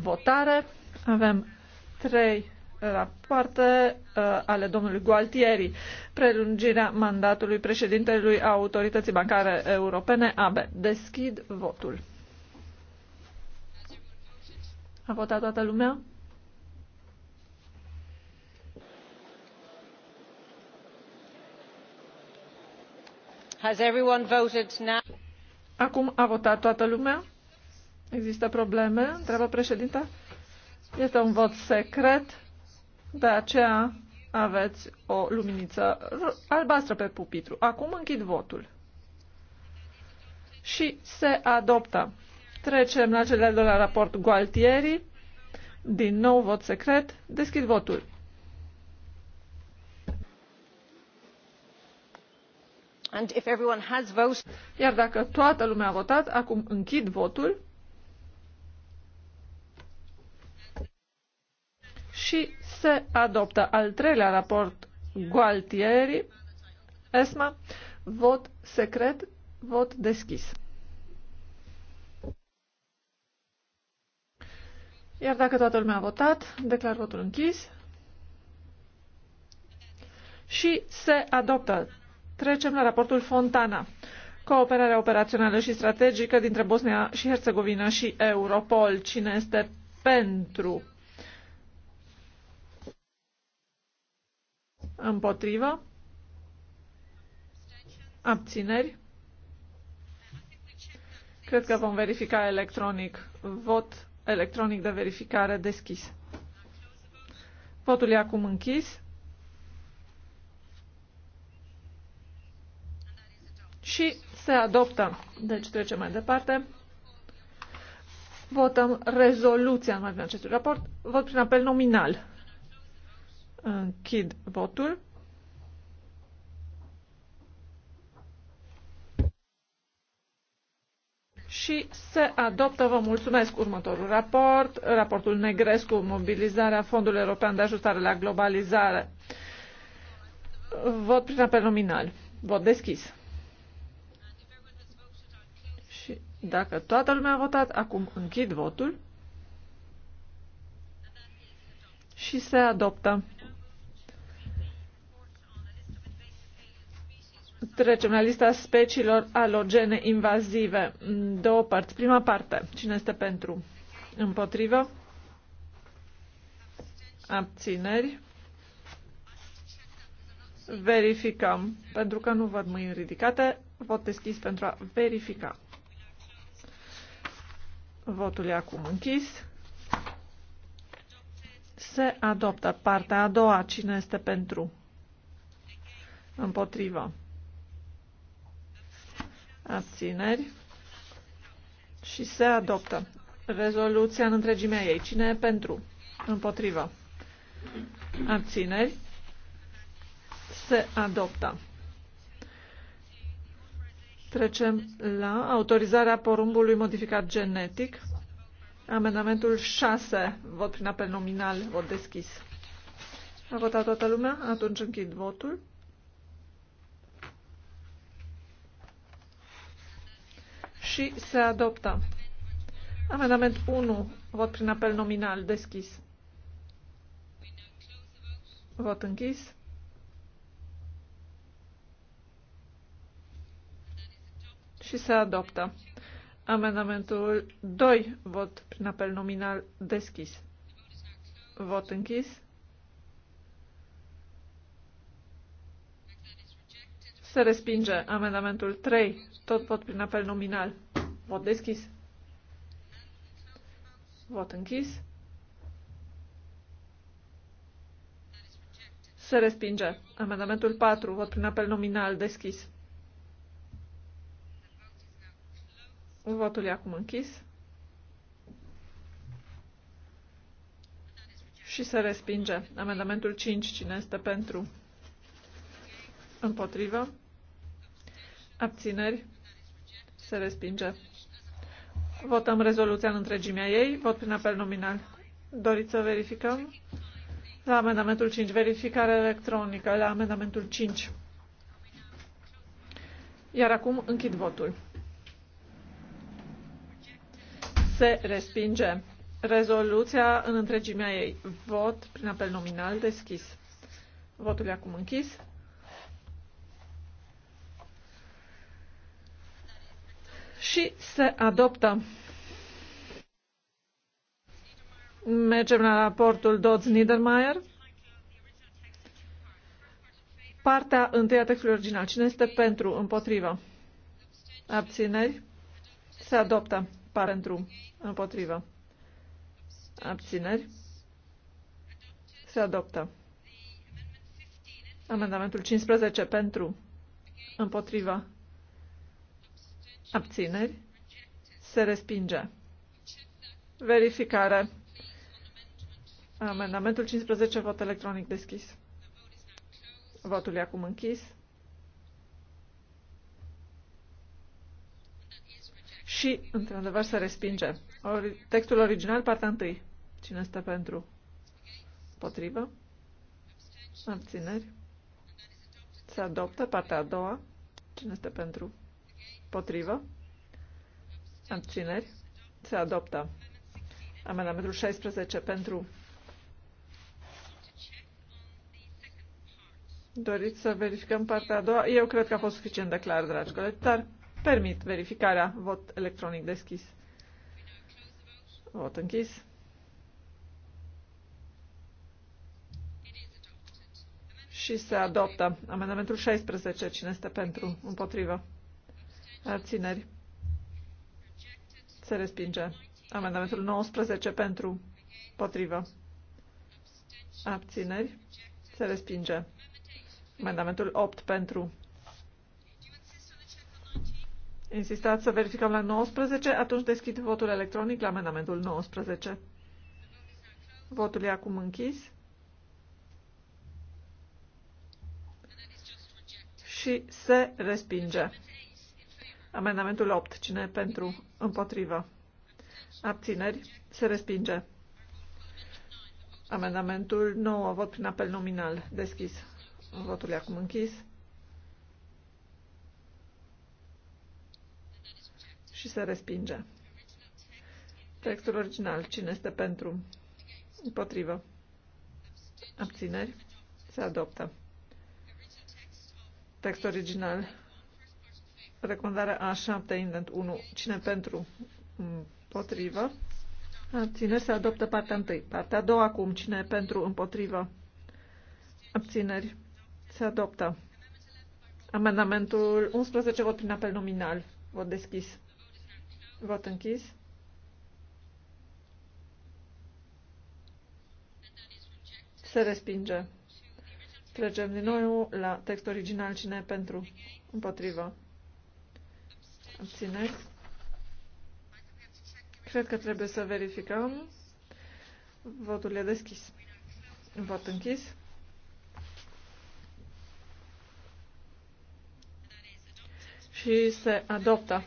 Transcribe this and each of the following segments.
votare. Avem trei uh, rapoarte uh, ale domnului Gualtieri, prelungirea mandatului președintelui Autorității Bancare Europene, AB. Deschid votul. A votat toată lumea? Has everyone voted now? Acum a votat toată lumea? Există probleme? Întreabă președinta. Este un vot secret, de aceea aveți o luminiță albastră pe pupitru. Acum închid votul. Și se adoptă. Trecem la cel de-al doilea raport Gualtieri. Din nou vot secret. Deschid votul. And if everyone has Iar dacă toată lumea a votat, acum închid votul. și se adoptă al treilea raport Gualtieri, ESMA, vot secret, vot deschis. Iar dacă toată lumea a votat, declar votul închis și se adoptă. Trecem la raportul Fontana. Cooperarea operațională și strategică dintre Bosnia și Herțegovina și Europol. Cine este pentru? Împotrivă? Abțineri? Cred că vom verifica electronic. Vot electronic de verificare deschis. Votul e acum închis. Și se adoptă. Deci trecem mai departe. Votăm rezoluția în acestui raport. Vot prin apel nominal. Închid votul. și se adoptă, vă mulțumesc, următorul raport, raportul Negrescu, mobilizarea Fondului European de Ajustare la Globalizare. Vot prin apel nominal. Vot deschis. Și dacă toată lumea a votat, acum închid votul și se adoptă. Trecem la lista speciilor alogene invazive. Două părți. Prima parte. Cine este pentru? Împotrivă? Abțineri? Verificăm. Pentru că nu văd mâini ridicate, vot deschis pentru a verifica. Votul e acum închis. Se adoptă partea a doua. Cine este pentru? Împotrivă abțineri și se adoptă. Rezoluția în întregimea ei. Cine e pentru? Împotrivă. Abțineri. Se adoptă. Trecem la autorizarea porumbului modificat genetic. Amendamentul 6. Vot prin apel nominal. Vot deschis. A votat toată lumea? Atunci închid votul. și se adoptă. Amendament 1. Vot prin apel nominal deschis. Vot închis. Și se adoptă. Amendamentul 2. Vot prin apel nominal deschis. Vot închis. Se respinge amendamentul 3, tot vot prin apel nominal. Vot deschis. Vot închis. Se respinge. Amendamentul 4, vot prin apel nominal deschis. Votul e acum închis. Și se respinge. Amendamentul 5, cine este pentru? Împotrivă? Abțineri. Se respinge. Votăm rezoluția în întregimea ei. Vot prin apel nominal. Doriți să verificăm? La amendamentul 5. Verificare electronică. La amendamentul 5. Iar acum închid votul. Se respinge. Rezoluția în întregimea ei. Vot prin apel nominal deschis. Votul e acum închis. și se adoptă. Mergem la raportul Dodds-Niedermayer. Partea întâi a textului original. Cine este pentru? Împotrivă. Abțineri? Se adoptă. Pentru. Împotrivă. Abțineri? Se adoptă. Amendamentul 15 pentru. Împotriva. Abțineri. Se respinge. Verificare. Amendamentul 15, vot electronic deschis. Votul e acum închis. Și, într-adevăr, se respinge. Ori, textul original, partea 1. Cine stă pentru? Potrivă? Abțineri? Se adoptă. Partea a doua. Cine stă pentru? Potrivă. Abțineri. Se adoptă. Amendamentul 16 pentru. Doriți să verificăm partea a doua? Eu cred că a fost suficient de clar, dragi colegi, dar permit verificarea. Vot electronic deschis. Vot închis. Și se adoptă. Amendamentul 16. Cine este pentru? Împotrivă. Abțineri. Se respinge. Amendamentul 19 pentru. Potrivă. Abțineri. Se respinge. Amendamentul 8 pentru. Insistați să verificăm la 19, atunci deschid votul electronic la amendamentul 19. Votul e acum închis. Și se respinge. Amendamentul 8. Cine pentru? Împotrivă. Abțineri. Se respinge. Amendamentul 9. Vot prin apel nominal. Deschis. Votul e acum închis. Și se respinge. Textul original. Cine este pentru? Împotrivă. Abțineri. Se adoptă. Text original Recomandarea A7, indent 1. Cine pentru? Împotrivă. abține se adoptă partea 1. Partea a doua acum. Cine pentru? Împotrivă. Abțineri se adoptă. Amendamentul 11, vot prin apel nominal. Vot deschis. Vot închis. Se respinge. Trecem din nou la text original. Cine pentru? Împotrivă. Abțineri. Cred că trebuie să verificăm. Votul e deschis. Vot închis. Și se adoptă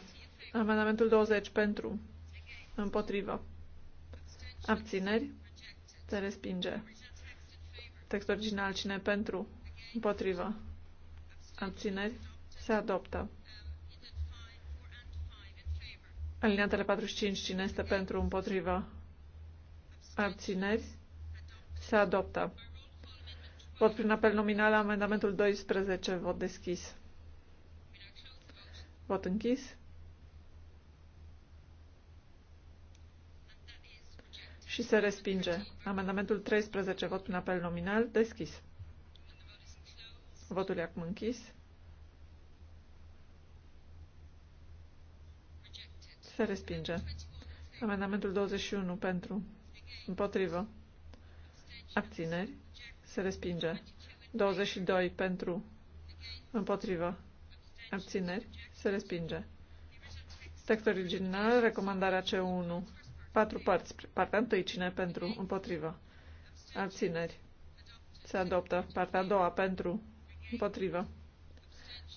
amendamentul 20 pentru, împotrivă, abțineri, se respinge. Text original cine pentru, împotrivă, abțineri, se adoptă. Alineatele 45, cine este pentru, împotriva, abțineri, se adoptă. Vot prin apel nominal amendamentul 12, vot deschis. Vot închis. Și se respinge. Amendamentul 13, vot prin apel nominal, deschis. Votul e acum închis. Se respinge. Amendamentul 21 pentru. Împotrivă. Abțineri. Se respinge. 22 pentru. Împotrivă. Abțineri. Se respinge. Text original, recomandarea C1. Patru părți. Partea întâi, cine pentru? Împotrivă. Abțineri. Se adoptă. Partea a doua, pentru? Împotrivă.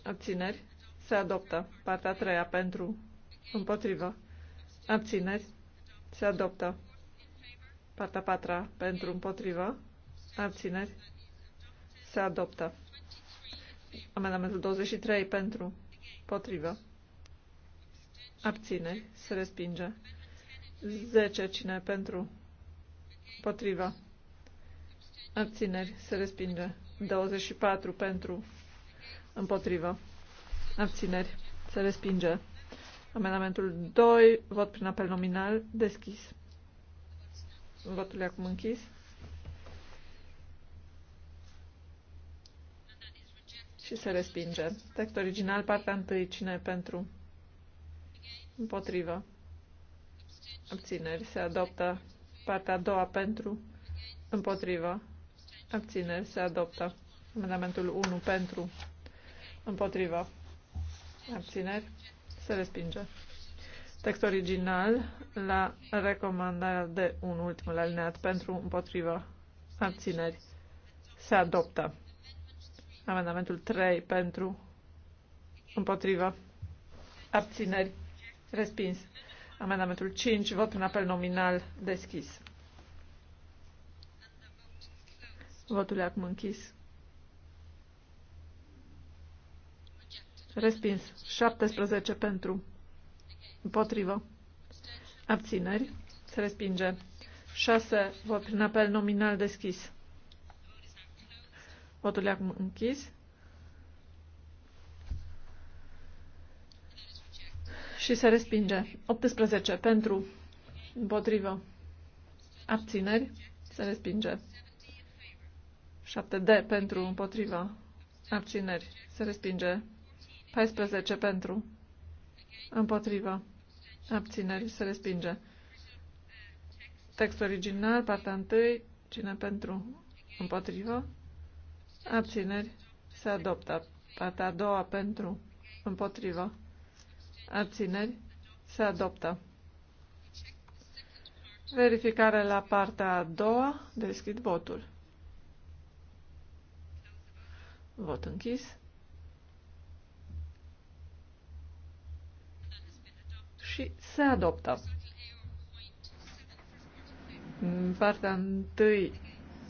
Abțineri. Se adoptă. Partea a treia, pentru? Împotrivă. Abțineri. Se adoptă. Partea patra pentru împotrivă. Abțineri. Se adoptă. Amendamentul 23 pentru împotrivă. Abțineri. Se respinge. 10 cine pentru împotrivă. Abțineri. Se respinge. 24 pentru împotrivă. Abțineri. Se respinge. Amendamentul 2, vot prin apel nominal, deschis. Votul e acum închis. Și se respinge. Text original, partea întâi, cine pentru? Împotrivă. Abțineri. Se adoptă partea a doua pentru. Împotrivă. Abțineri. Se adoptă. Amendamentul 1 pentru. Împotrivă. Abțineri. Se respinge. Text original la recomandarea de un ultimul alineat pentru împotriva abțineri. Se adoptă. Amendamentul 3 pentru împotriva abțineri. Respins. Amendamentul 5. Vot în apel nominal deschis. Votul e acum închis. Respins. 17 pentru. Împotrivă. Abțineri. Se respinge. 6. Vot prin apel nominal deschis. Votul e acum închis. Și se respinge. 18 pentru. Împotrivă. Abțineri. Se respinge. 7D pentru Împotrivă. Abțineri. Se respinge. 14 pentru. Împotrivă. Abțineri. Se respinge. Text original, partea 1. Cine pentru? Împotrivă. Abțineri. Se adoptă. Partea a doua pentru. Împotrivă. Abțineri. Se adoptă. Verificare la partea a doua. Deschid votul. Vot închis. și se adoptă. În partea 1,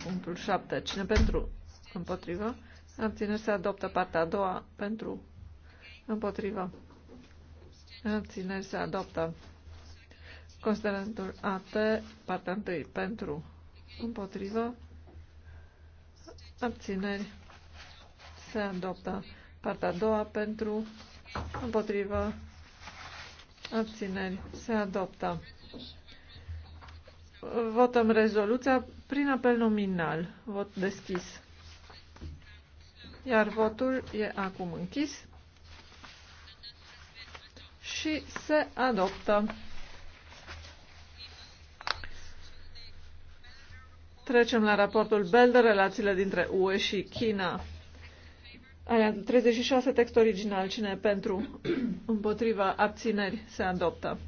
punctul 7, cine pentru, împotrivă, abțineri se adoptă. Partea a doua, pentru, împotrivă, abțineri se adoptă. Considerentul AT, partea 1, pentru, împotrivă, abțineri se adoptă. Partea a doua, pentru, împotrivă, Abțineri. Se adoptă. Votăm rezoluția prin apel nominal. Vot deschis. Iar votul e acum închis și se adoptă. Trecem la raportul Belder, relațiile dintre UE și China. Alea 36, text original. Cine pentru? Împotriva abțineri se adoptă.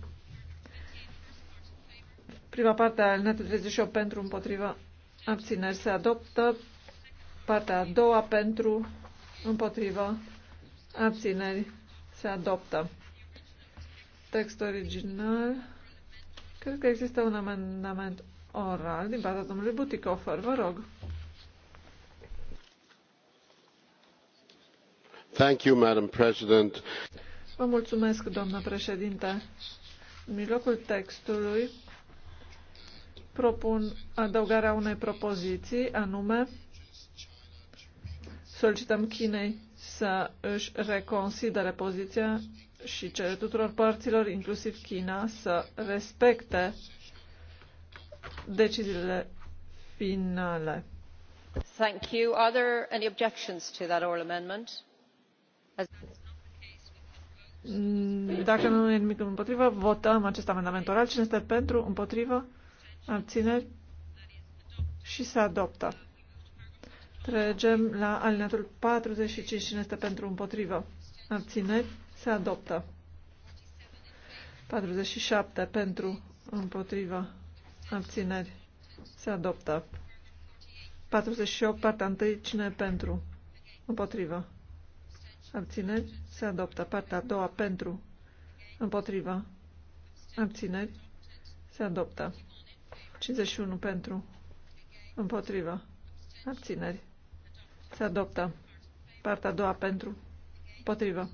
Prima parte a alineatului 38 pentru împotriva abțineri se adoptă. Partea a doua pentru împotriva abțineri se adoptă. Text original. Cred că există un amendament oral din partea domnului Buticofer. Vă rog. Vă mulțumesc, doamnă președintă. În mijlocul textului propun adăugarea unei propoziții, anume solicităm Chinei să își reconsidere poziția și cere tuturor părților, inclusiv China, să respecte deciziile finale. Thank you. Are there any objections to that oral amendment? Mm, dacă nu e nimic împotrivă, votăm acest amendament oral. Cine este pentru, împotrivă, abțineri și se adoptă. Trecem la alineatul 45. Cine este pentru, împotrivă, abțineri, se adoptă. 47 pentru, împotrivă, abțineri, se adoptă. 48, partea 1, cine pentru? Împotrivă. Abțineri. Se adoptă. Partea a doua pentru. Împotriva. Abțineri. Se adoptă. 51 pentru. Împotriva. Abțineri. Se adoptă. Partea a doua pentru. Împotriva.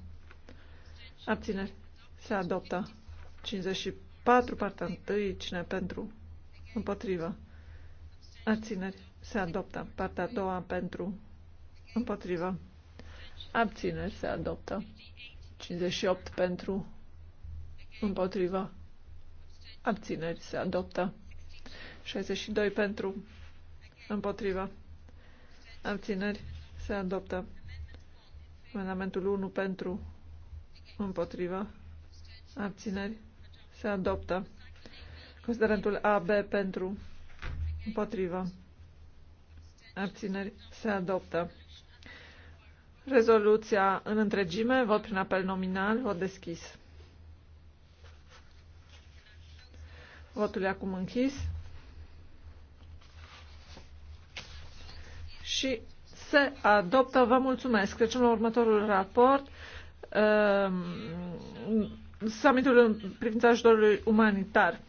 Abțineri. Se adoptă. 54 partea întâi. Cine pentru? Împotriva. Abțineri. Se adoptă. Partea a doua pentru. Împotriva. Abțineri se adoptă. 58 pentru. Împotriva. Abțineri se adoptă. 62 pentru. Împotriva. Abțineri se adoptă. Amendamentul 1 pentru. Împotriva. Abțineri se adoptă. Considerentul AB pentru. Împotriva. Abțineri se adoptă. Rezoluția în întregime, vot prin apel nominal, vot deschis. Votul e acum închis. Și se adoptă. Vă mulțumesc. Trecem la următorul raport. Ehm, summitul în privința ajutorului umanitar.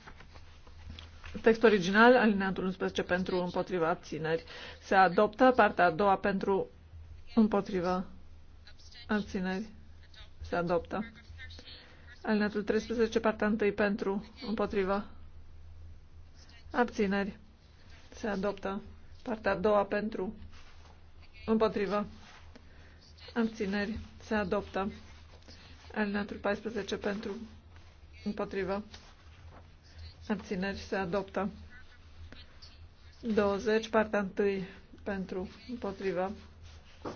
Text original, alineatul 11 pentru împotriva abțineri. Se adoptă partea a doua pentru Împotriva. Abțineri. Se adoptă. Alinatul 13, partea 1 pentru. Împotriva. Abțineri. Se adoptă. Partea a doua pentru. Împotriva. Abțineri. Se adoptă. Alinatul 14 pentru. Împotriva. Abțineri. Se adoptă. 20, partea 1 pentru. Împotriva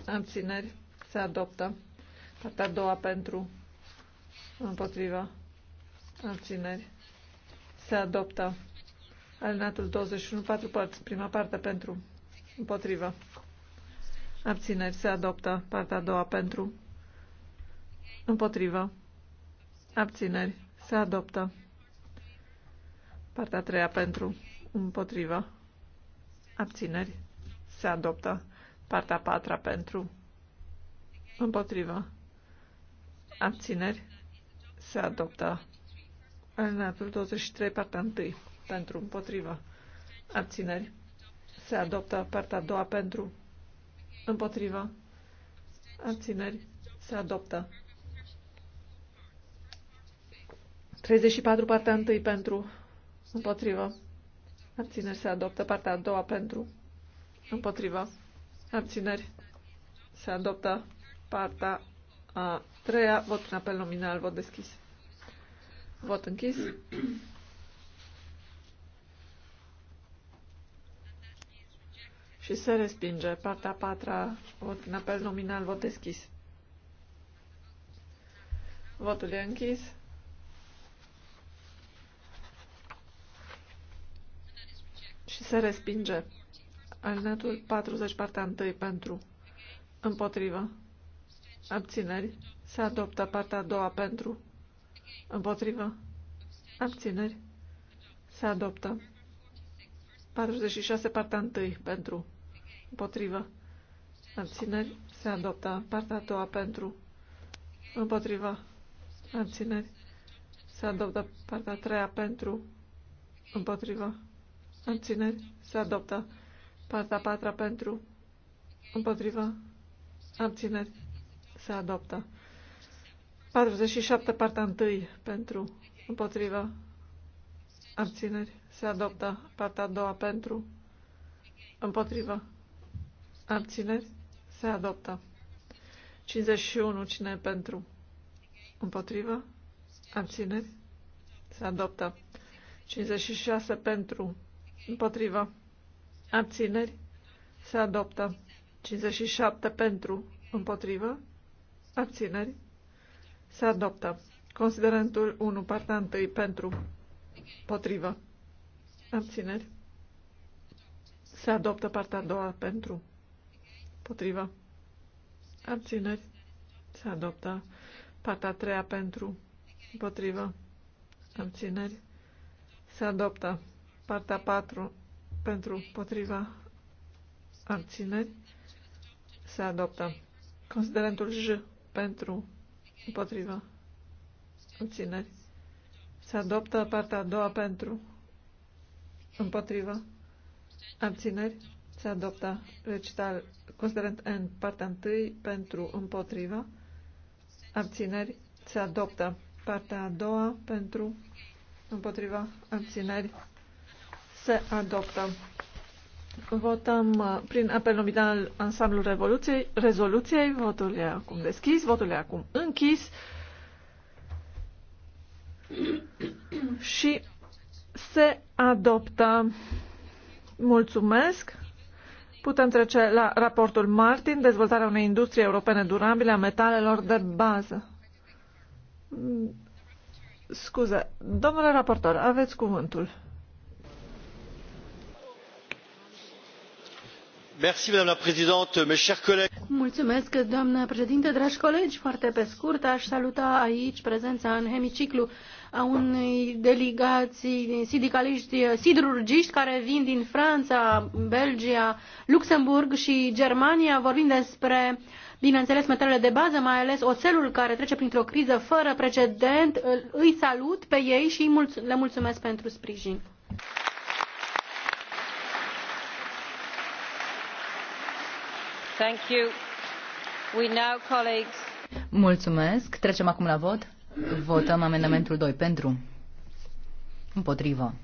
abțineri, se adoptă. Partea a doua pentru, împotriva, abțineri, se adoptă. Alinatul 21, 4 părți. Prima parte pentru, împotriva, abțineri, se adoptă. Partea a doua pentru, împotriva, abțineri, se adoptă. Partea a treia pentru, împotriva, abțineri, se adoptă. Partea a patra pentru. Împotrivă. Abțineri. Se adoptă. Alineatul 23, partea 1. Pentru. Împotrivă. Abțineri. Se adoptă partea a doua pentru. Împotrivă. Abțineri. Se adoptă. 34, partea 1 pentru. Împotrivă. Abțineri se adoptă. Partea a doua pentru. Împotrivă abțineri, se adoptă partea a treia, vot în apel nominal, vot deschis. Vot închis. Și se respinge partea a patra, vot în apel nominal, vot deschis. Votul e închis. Și se respinge Alinatul 40, partea 1 pentru. Împotrivă. Abțineri. Se adoptă partea a doua pentru. Împotrivă. Abțineri. Se adoptă. 46, partea 1 pentru. Împotrivă. Abțineri. Se adoptă. Partea a doua pentru. Împotrivă. Abțineri. Se adoptă. Partea a treia pentru. Împotrivă. Abțineri. Se adoptă. Partea patra pentru, împotrivă, abțineri, se adoptă. 47, partea 1 pentru, împotrivă, abțineri, se adoptă. Partea a doua pentru, împotrivă, abțineri, se adoptă. 51, cine e pentru, împotrivă, abțineri, se adoptă. 56 pentru, împotrivă, Abțineri. Se adoptă. 57 pentru. Împotrivă. Abțineri. Se adoptă. Considerentul 1, partea 1 pentru. Potrivă. Abțineri. Se adoptă partea a doua pentru. Potrivă. Abțineri. Se adoptă partea a treia pentru. Potrivă. Abțineri. Se adoptă partea 4 pentru împotriva abțineri se adoptă. Considerentul J pentru împotriva abțineri se adoptă partea a doua pentru împotriva abțineri se adoptă recital considerent n partea întâi pentru împotriva abțineri se adoptă partea a doua pentru împotriva abțineri se adoptă. Votăm uh, prin apel nominal ansamblul revoluției, rezoluției. Votul e acum deschis, votul e acum închis. Și se adoptă. Mulțumesc. Putem trece la raportul Martin, dezvoltarea unei industrie europene durabile a metalelor de bază. Mm, scuze, domnule raportor, aveți cuvântul. Mulțumesc, doamnă președinte, dragi colegi. Foarte pe scurt, aș saluta aici prezența în hemiciclu a unei delegații sindicaliști eh, siderurgiști care vin din Franța, Belgia, Luxemburg și Germania, vorbind despre bineînțeles metalele de bază, mai ales oțelul care trece printr-o criză fără precedent. Îi salut pe ei și le mulțumesc pentru sprijin. Mulțumesc. Trecem acum la vot. Votăm amendamentul 2 pentru. Împotrivă.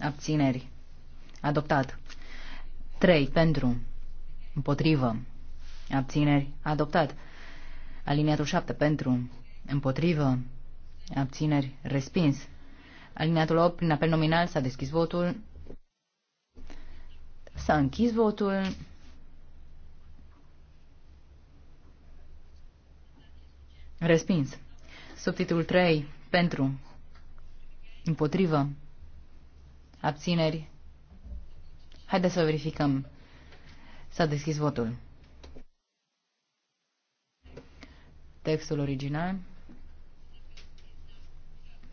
Abțineri. Adoptat. 3 pentru. Împotrivă. Abțineri. Adoptat. Aliniatul 7 pentru. Împotrivă. Abțineri. Respins. Aliniatul 8 prin apel nominal s-a deschis votul. S-a închis votul. Respins. Subtitul 3. Pentru. Împotrivă. Abțineri. Haideți să verificăm. S-a deschis votul. Textul original.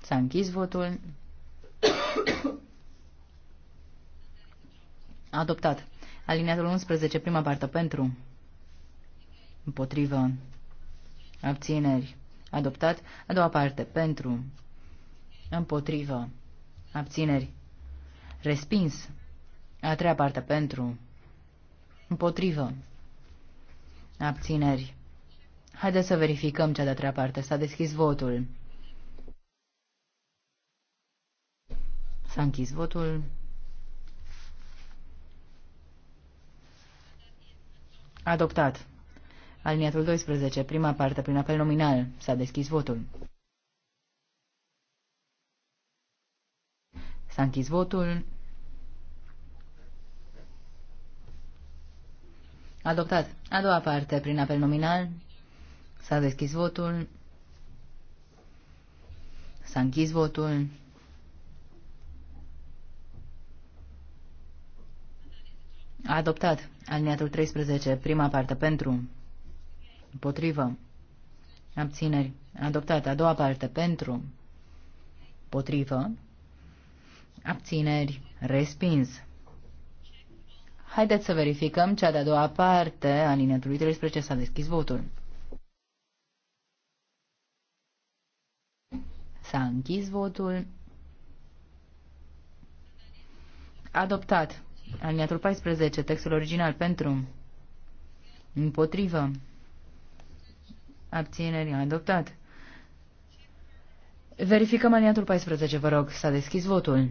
S-a închis votul. Adoptat. Alineatul 11, prima parte pentru. Împotrivă abțineri, adoptat. A doua parte, pentru, împotrivă, abțineri, respins. A treia parte, pentru, împotrivă, abțineri. Haideți să verificăm cea de-a treia parte. S-a deschis votul. S-a închis votul. Adoptat. Aliniatul 12, prima parte, prin apel nominal. S-a deschis votul. S-a închis votul. Adoptat. A doua parte, prin apel nominal. S-a deschis votul. S-a închis votul. adoptat. Aliniatul 13, prima parte pentru, Împotrivă. Abțineri. Adoptat. A doua parte. Pentru. Potrivă. Abțineri. Respins. Haideți să verificăm cea de-a doua parte a liniatului 13 s-a deschis votul. S-a închis votul. Adoptat. Aliniatul 14, textul original pentru. Împotrivă. Abțineri adoptat. Verificăm aliatul 14, vă rog. S-a deschis votul.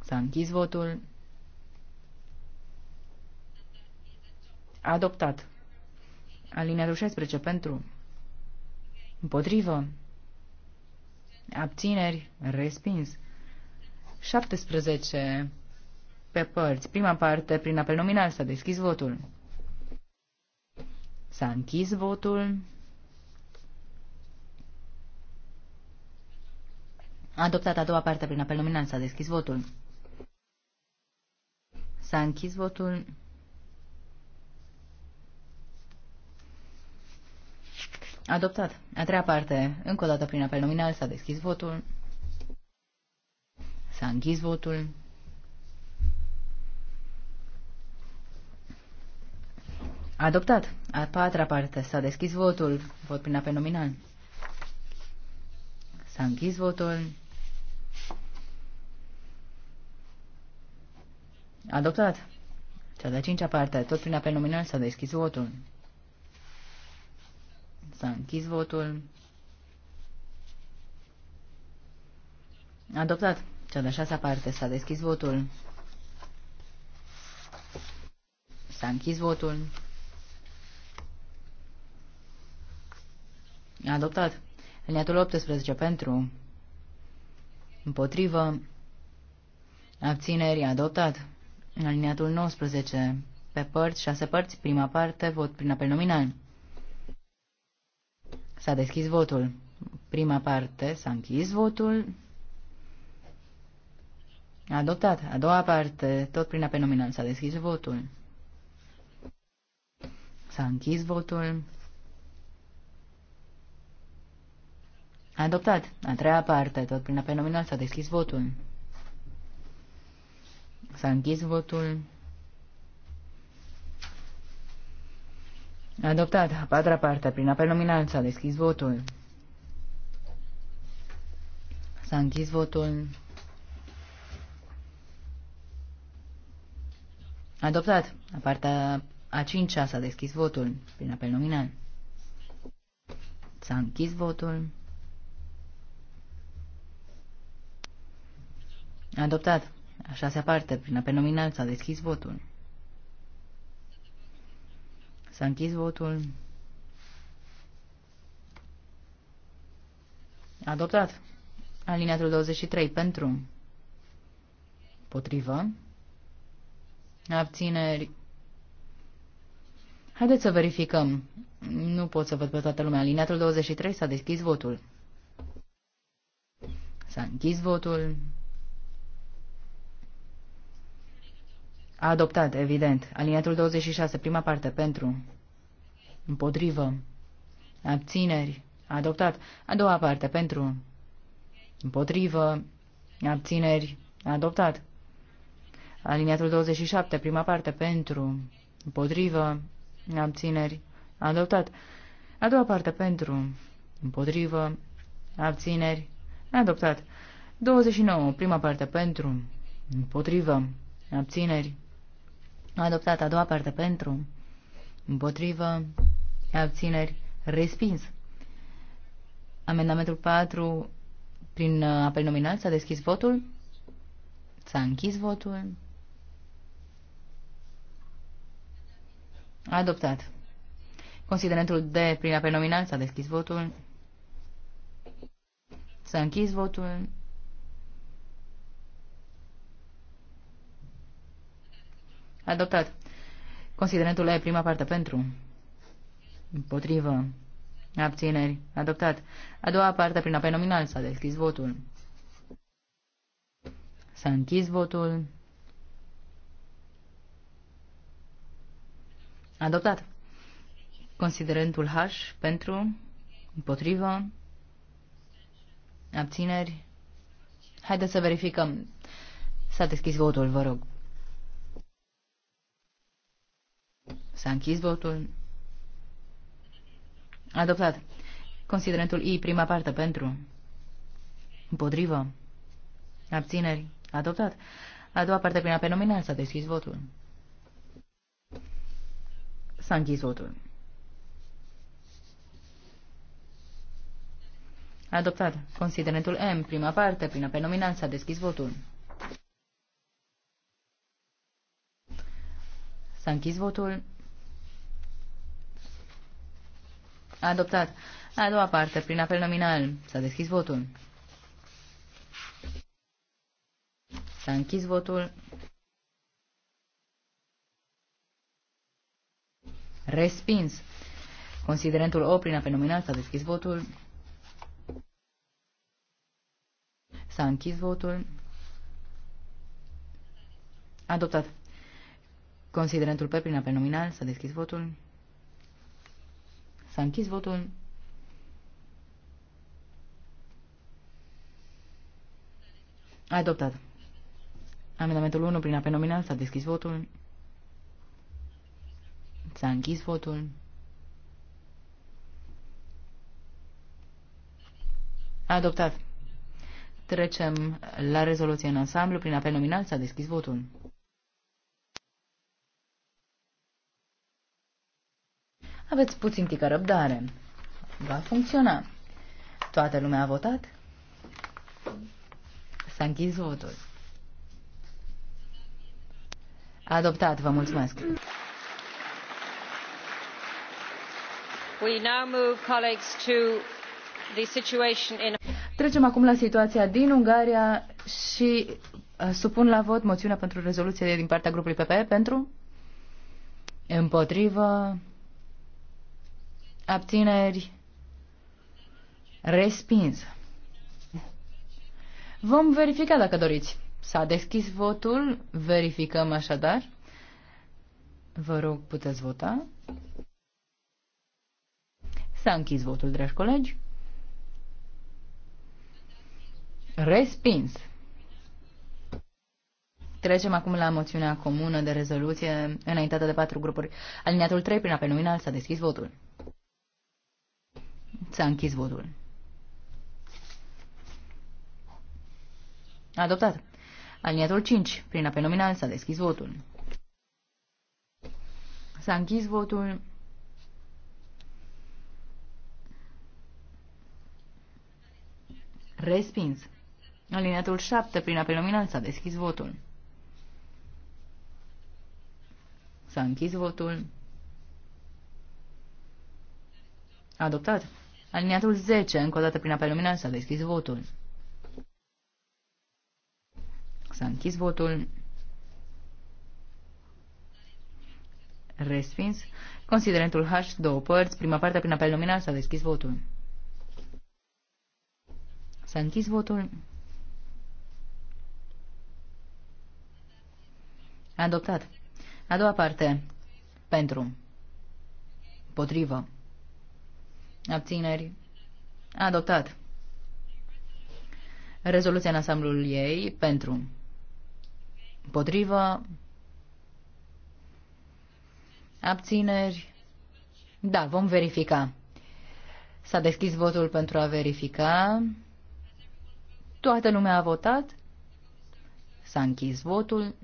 S-a închis votul. Adoptat. Aliniatul 16 pentru. Împotrivă. Abțineri. Respins. 17. Pe părți. Prima parte, prin apel nominal, s-a deschis votul. S-a închis votul. Adoptat a doua parte prin apel nominal. S-a deschis votul. S-a închis votul. Adoptat. A treia parte, încă o dată prin apel nominal, s-a deschis votul. S-a închis votul. Adoptat. A patra parte. S-a deschis votul. Vot prin apel nominal. S-a închis votul. Adoptat. Cea de-a cincea parte. Tot prin apel nominal s-a deschis votul. S-a închis votul. Adoptat. Cea de-a șasea parte. S-a deschis votul. S-a închis votul. Adoptat. Liniatul 18 pentru. Împotrivă. Abțineri. Adoptat. Aliniatul 19. Pe părți, șase părți, prima parte, vot prin apel nominal. S-a deschis votul. Prima parte s-a închis votul. Adoptat. A doua parte, tot prin apel nominal, s-a deschis votul. S-a închis votul. Adoptat. A treia parte, tot prin apel nominal, s-a deschis votul. S-a închis votul. Adoptat. A patra parte, prin apel nominal, s-a deschis votul. S-a închis votul. Adoptat. A partea a cincea s-a deschis votul prin apel nominal. S-a închis votul. Adoptat. A șasea parte, prin apel nominal, s-a deschis votul. S-a închis votul. Adoptat. Alineatul 23. Pentru. Potrivă. Abțineri. Haideți să verificăm. Nu pot să văd pe toată lumea. Alineatul 23 s-a deschis votul. S-a închis votul. A adoptat, evident. Aliniatul 26, prima parte, pentru. Împotrivă. Abțineri. A adoptat. A doua parte, pentru. Împotrivă. Abțineri. A adoptat. Aliniatul 27, prima parte, pentru. Împotrivă. Abțineri. A adoptat. A doua parte, pentru. Împotrivă. Abțineri. A adoptat. 29, prima parte, pentru. Împotrivă. Abțineri. Adoptat a doua parte pentru, împotrivă, abțineri, respins. Amendamentul 4, prin uh, apel nominal, s-a deschis votul, s-a închis votul. Adoptat. Considerentul D, prin apel nominal, s-a deschis votul, s-a închis votul. Adoptat. Considerentul E, prima parte, pentru. Împotrivă. Abțineri. Adoptat. A doua parte, prin apel nominal, s-a deschis votul. S-a închis votul. Adoptat. Considerentul H pentru, împotrivă, abțineri. Haideți să verificăm. S-a deschis votul, vă rog. S-a închis votul. Adoptat. Considerentul I, prima parte, pentru. Împotrivă. Abțineri. Adoptat. A doua parte, prin apel nominal, s-a deschis votul. S-a închis votul. Adoptat. Considerentul M, prima parte, prin apel nominal, s-a deschis votul. S-a închis votul. Adoptat. A doua parte, prin apel nominal. S-a deschis votul. S-a închis votul. Respins. Considerentul O prin apel nominal s-a deschis votul. S-a închis votul. Adoptat. Considerentul pe prin apel nominal. S-a deschis votul. S-a închis votul. Adoptat. Amendamentul 1 prin apel nominal. S-a deschis votul. S-a închis votul. Adoptat. Trecem la rezoluție în ansamblu. Prin apel nominal s-a deschis votul. Aveți puțin tică răbdare. Va funcționa. Toată lumea a votat? S-a închis votul. Adoptat, vă mulțumesc. We now move, colleagues, to the situation in... Trecem acum la situația din Ungaria și uh, supun la vot moțiunea pentru rezoluție din partea grupului PPE pentru împotrivă abțineri, respins. Vom verifica dacă doriți. S-a deschis votul, verificăm așadar. Vă rog, puteți vota. S-a închis votul, dragi colegi. Respins. Trecem acum la moțiunea comună de rezoluție înaintată de patru grupuri. Aliniatul 3, prin apel nominal, s-a deschis votul ți a închis votul. Adoptat. Aliniatul 5. Prin apel nominal s-a deschis votul. S-a închis votul. Respins. Aliniatul 7. Prin apel nominal s-a deschis votul. S-a închis votul. Adoptat. Aliniatul 10, încă o dată prin apel nominal, s-a deschis votul. S-a închis votul. Respins. Considerentul H, două părți. Prima parte prin apel nominal s-a deschis votul. S-a închis votul. Adoptat. A doua parte. Pentru. Potrivă abțineri, adoptat. Rezoluția în asamblul ei pentru, împotrivă, abțineri, da, vom verifica. S-a deschis votul pentru a verifica. Toată lumea a votat. S-a închis votul.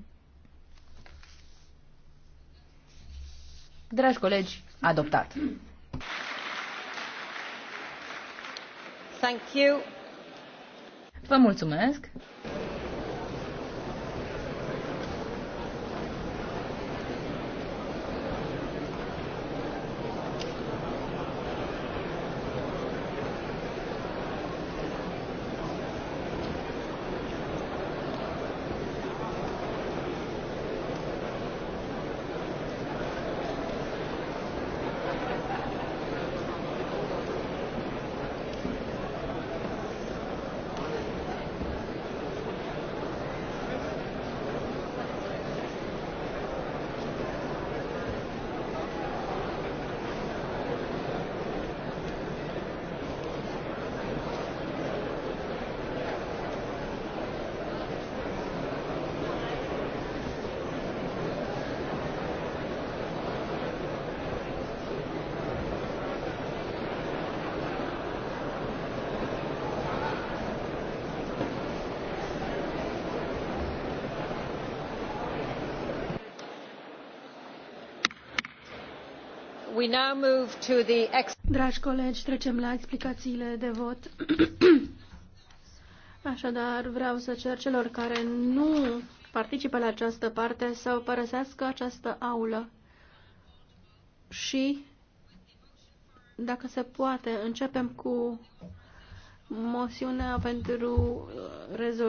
Dragi colegi, adoptat. Thank you. Vă mulțumesc. Dragi colegi, trecem la explicațiile de vot. Așadar, vreau să cer celor care nu participă la această parte să părăsească această aulă și, dacă se poate, începem cu moțiunea pentru uh, rezoluție.